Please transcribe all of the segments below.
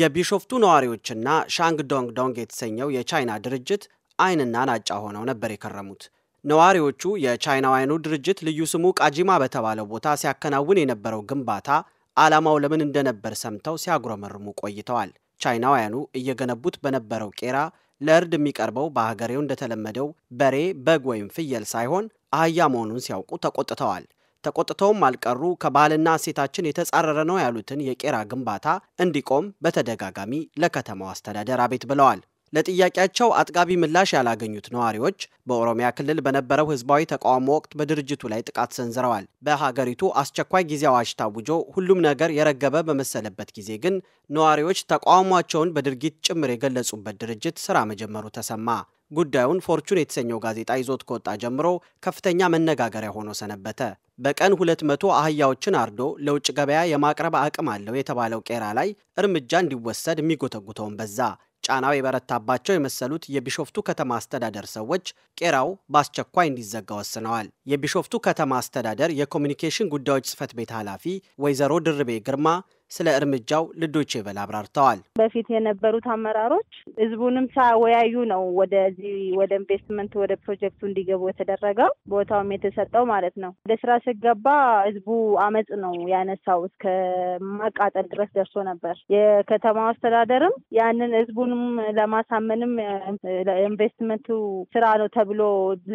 የቢሾፍቱ ነዋሪዎችና ሻንግ ዶንግ ዶንግ የተሰኘው የቻይና ድርጅት አይንና ናጫ ሆነው ነበር የከረሙት። ነዋሪዎቹ አይኑ ድርጅት ልዩ ስሙ ቃጂማ በተባለው ቦታ ሲያከናውን የነበረው ግንባታ ዓላማው ለምን እንደነበር ሰምተው ሲያጉረመርሙ ቆይተዋል። ቻይናውያኑ እየገነቡት በነበረው ቄራ ለእርድ የሚቀርበው በሀገሬው እንደተለመደው በሬ፣ በግ ወይም ፍየል ሳይሆን አህያ መሆኑን ሲያውቁ ተቆጥተዋል። ተቆጥተውም አልቀሩ ከባህልና እሴታችን የተጻረረ ነው ያሉትን የቄራ ግንባታ እንዲቆም በተደጋጋሚ ለከተማው አስተዳደር አቤት ብለዋል። ለጥያቄያቸው አጥጋቢ ምላሽ ያላገኙት ነዋሪዎች በኦሮሚያ ክልል በነበረው ህዝባዊ ተቃውሞ ወቅት በድርጅቱ ላይ ጥቃት ሰንዝረዋል። በሀገሪቱ አስቸኳይ ጊዜ አዋጅ ታውጆ ሁሉም ነገር የረገበ በመሰለበት ጊዜ ግን ነዋሪዎች ተቃውሟቸውን በድርጊት ጭምር የገለጹበት ድርጅት ስራ መጀመሩ ተሰማ። ጉዳዩን ፎርቹን የተሰኘው ጋዜጣ ይዞት ከወጣ ጀምሮ ከፍተኛ መነጋገሪያ ሆኖ ሰነበተ። በቀን 200 አህያዎችን አርዶ ለውጭ ገበያ የማቅረብ አቅም አለው የተባለው ቄራ ላይ እርምጃ እንዲወሰድ የሚጎተጉተውን በዛ። ጫናው የበረታባቸው የመሰሉት የቢሾፍቱ ከተማ አስተዳደር ሰዎች ቄራው በአስቸኳይ እንዲዘጋ ወስነዋል። የቢሾፍቱ ከተማ አስተዳደር የኮሚኒኬሽን ጉዳዮች ጽህፈት ቤት ኃላፊ ወይዘሮ ድርቤ ግርማ ስለ እርምጃው ልዶቼ ቬለ አብራርተዋል። በፊት የነበሩት አመራሮች ህዝቡንም ሳያወያዩ ነው ወደዚህ ወደ ኢንቨስትመንት ወደ ፕሮጀክቱ እንዲገቡ የተደረገው ቦታውም የተሰጠው ማለት ነው። ወደ ስራ ስገባ ህዝቡ አመፅ ነው ያነሳው። እስከ ማቃጠል ድረስ ደርሶ ነበር። የከተማው አስተዳደርም ያንን ህዝቡንም ለማሳመንም ኢንቨስትመንቱ ስራ ነው ተብሎ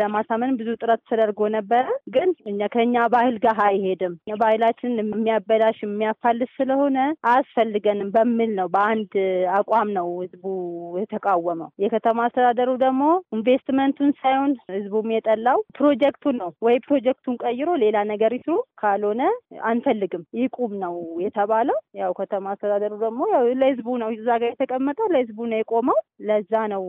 ለማሳመን ብዙ ጥረት ተደርጎ ነበረ። ግን ከኛ ባህል ጋር አይሄድም። ባህላችን የሚያበላሽ የሚያፋልስ ስለሆነ ሆነ አያስፈልገንም በሚል ነው በአንድ አቋም ነው ህዝቡ የተቃወመው። የከተማ አስተዳደሩ ደግሞ ኢንቨስትመንቱን ሳይሆን ህዝቡም የጠላው ፕሮጀክቱን ነው። ወይ ፕሮጀክቱን ቀይሮ ሌላ ነገር ይስሩ፣ ካልሆነ አንፈልግም ይቁም ነው የተባለው። ያው ከተማ አስተዳደሩ ደግሞ ያው ለህዝቡ ነው እዛ ጋር የተቀመጠው፣ ለህዝቡ ነው የቆመው። ለዛ ነው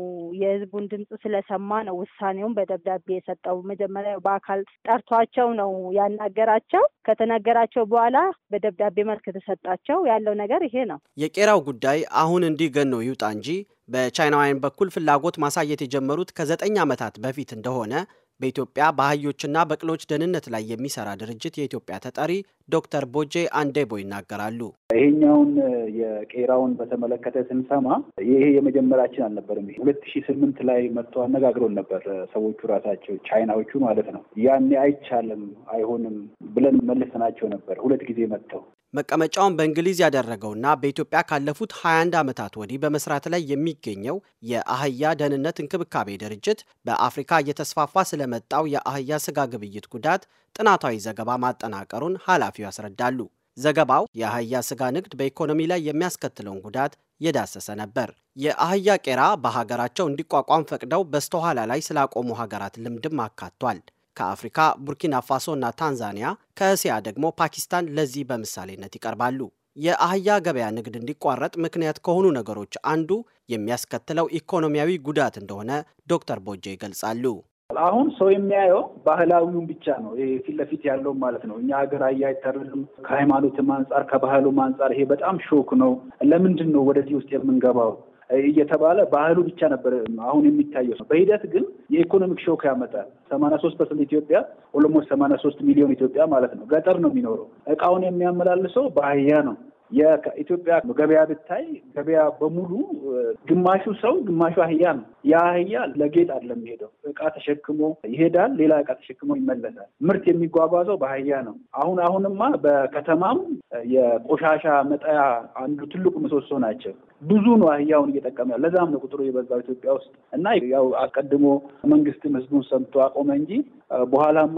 የህዝቡን ድምፅ ስለሰማ ነው ውሳኔውን በደብዳቤ የሰጠው። መጀመሪያ በአካል ጠርቷቸው ነው ያናገራቸው። ከተናገራቸው በኋላ በደብዳቤ መልክ የተሰጣቸው ናቸው። ያለው ነገር ይሄ ነው። የቄራው ጉዳይ አሁን እንዲህ ገኖ ይውጣ እንጂ በቻይናውያን በኩል ፍላጎት ማሳየት የጀመሩት ከዘጠኝ ዓመታት በፊት እንደሆነ በኢትዮጵያ በአህዮችና በቅሎች ደህንነት ላይ የሚሰራ ድርጅት የኢትዮጵያ ተጠሪ ዶክተር ቦጄ አንዴቦ ይናገራሉ። ይሄኛውን የቄራውን በተመለከተ ስንሰማ ይሄ የመጀመሪያችን አልነበርም። ሁለት ሺህ ስምንት ላይ መጥቶ አነጋግሮን ነበር ሰዎቹ ራሳቸው ቻይናዎቹ ማለት ነው። ያኔ አይቻልም፣ አይሆንም ብለን መልሰናቸው ነበር። ሁለት ጊዜ መጥተው መቀመጫውን በእንግሊዝ ያደረገውና በኢትዮጵያ ካለፉት 21 ዓመታት ወዲህ በመስራት ላይ የሚገኘው የአህያ ደህንነት እንክብካቤ ድርጅት በአፍሪካ እየተስፋፋ ስለመጣው የአህያ ስጋ ግብይት ጉዳት ጥናታዊ ዘገባ ማጠናቀሩን ኃላፊው ያስረዳሉ። ዘገባው የአህያ ስጋ ንግድ በኢኮኖሚ ላይ የሚያስከትለውን ጉዳት የዳሰሰ ነበር። የአህያ ቄራ በሀገራቸው እንዲቋቋም ፈቅደው በስተኋላ ላይ ስላቆሙ ሀገራት ልምድም አካቷል። ከአፍሪካ ቡርኪና ፋሶ እና ታንዛኒያ፣ ከእስያ ደግሞ ፓኪስታን ለዚህ በምሳሌነት ይቀርባሉ። የአህያ ገበያ ንግድ እንዲቋረጥ ምክንያት ከሆኑ ነገሮች አንዱ የሚያስከትለው ኢኮኖሚያዊ ጉዳት እንደሆነ ዶክተር ቦጄ ይገልጻሉ። አሁን ሰው የሚያየው ባህላዊውን ብቻ ነው፣ ፊት ለፊት ያለው ማለት ነው። እኛ ሀገር አህያ አይታረድም። ከሃይማኖትም አንጻር ከባህሉም አንጻር ይሄ በጣም ሾክ ነው። ለምንድን ነው ወደዚህ ውስጥ የምንገባው? እየተባለ ባህሉ ብቻ ነበር አሁን የሚታየው። በሂደት ግን የኢኮኖሚክ ሾክ ያመጣል። ሰማንያ ሶስት ፐርሰንት ኢትዮጵያ ኦሎሞስ ሰማንያ ሶስት ሚሊዮን ኢትዮጵያ ማለት ነው ገጠር ነው የሚኖረው። እቃውን የሚያመላልሰው በአህያ ነው። የኢትዮጵያ ገበያ ብታይ ገበያ በሙሉ ግማሹ ሰው ግማሹ አህያ ነው። ያ አህያ ለጌጥ አይደለም የሚሄደው፣ እቃ ተሸክሞ ይሄዳል፣ ሌላ እቃ ተሸክሞ ይመለሳል። ምርት የሚጓጓዘው በአህያ ነው። አሁን አሁንማ በከተማም የቆሻሻ መጣያ አንዱ ትልቁ ምሰሶ ናቸው። ብዙ ነው አህያውን እየጠቀመ ያለ። ለዛም ነው ቁጥሩ የበዛው ኢትዮጵያ ውስጥ እና ያው አስቀድሞ መንግስትም ህዝቡን ሰምቶ አቆመ እንጂ በኋላማ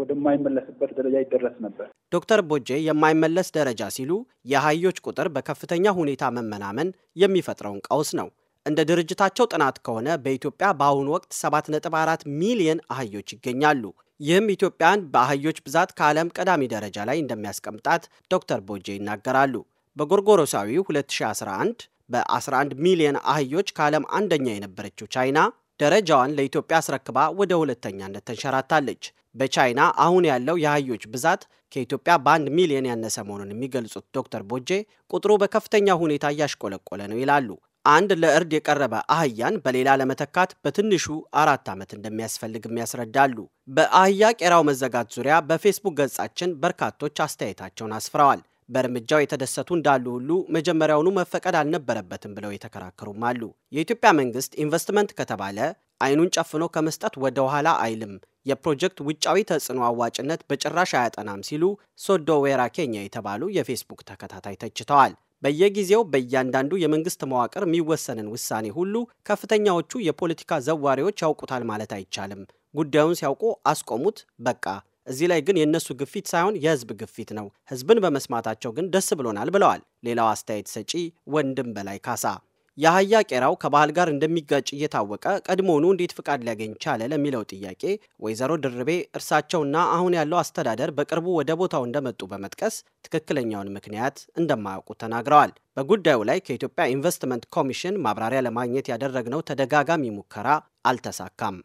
ወደማይመለስበት ደረጃ ይደረስ ነበር። ዶክተር ቦጄ የማይመለስ ደረጃ ሲሉ የአህዮች ቁጥር በከፍተኛ ሁኔታ መመናመን የሚፈጥረውን ቀውስ ነው። እንደ ድርጅታቸው ጥናት ከሆነ በኢትዮጵያ በአሁኑ ወቅት 7.4 ሚሊየን አህዮች ይገኛሉ። ይህም ኢትዮጵያን በአህዮች ብዛት ከዓለም ቀዳሚ ደረጃ ላይ እንደሚያስቀምጣት ዶክተር ቦጄ ይናገራሉ። በጎርጎሮሳዊ 2011 በ11 ሚሊየን አህዮች ከዓለም አንደኛ የነበረችው ቻይና ደረጃዋን ለኢትዮጵያ አስረክባ ወደ ሁለተኛነት ተንሸራታለች። በቻይና አሁን ያለው የአህዮች ብዛት ከኢትዮጵያ በአንድ ሚሊዮን ያነሰ መሆኑን የሚገልጹት ዶክተር ቦጄ ቁጥሩ በከፍተኛ ሁኔታ እያሽቆለቆለ ነው ይላሉ። አንድ ለእርድ የቀረበ አህያን በሌላ ለመተካት በትንሹ አራት ዓመት እንደሚያስፈልግም ያስረዳሉ። በአህያ ቄራው መዘጋት ዙሪያ በፌስቡክ ገጻችን በርካቶች አስተያየታቸውን አስፍረዋል። በእርምጃው የተደሰቱ እንዳሉ ሁሉ መጀመሪያውኑ መፈቀድ አልነበረበትም ብለው የተከራከሩም አሉ። የኢትዮጵያ መንግስት ኢንቨስትመንት ከተባለ አይኑን ጨፍኖ ከመስጠት ወደ ኋላ አይልም፣ የፕሮጀክት ውጫዊ ተጽዕኖ አዋጭነት በጭራሽ አያጠናም ሲሉ ሶዶ ዌራ ኬንያ የተባሉ የፌስቡክ ተከታታይ ተችተዋል። በየጊዜው በእያንዳንዱ የመንግስት መዋቅር የሚወሰንን ውሳኔ ሁሉ ከፍተኛዎቹ የፖለቲካ ዘዋሪዎች ያውቁታል ማለት አይቻልም። ጉዳዩን ሲያውቁ አስቆሙት፣ በቃ እዚህ ላይ ግን የእነሱ ግፊት ሳይሆን የህዝብ ግፊት ነው። ህዝብን በመስማታቸው ግን ደስ ብሎናል ብለዋል ሌላው አስተያየት ሰጪ ወንድም በላይ ካሳ። የአህያ ቄራው ከባህል ጋር እንደሚጋጭ እየታወቀ ቀድሞውኑ እንዴት ፍቃድ ሊያገኝ ቻለ ለሚለው ጥያቄ ወይዘሮ ድርቤ እርሳቸውና አሁን ያለው አስተዳደር በቅርቡ ወደ ቦታው እንደመጡ በመጥቀስ ትክክለኛውን ምክንያት እንደማያውቁ ተናግረዋል። በጉዳዩ ላይ ከኢትዮጵያ ኢንቨስትመንት ኮሚሽን ማብራሪያ ለማግኘት ያደረግነው ተደጋጋሚ ሙከራ አልተሳካም።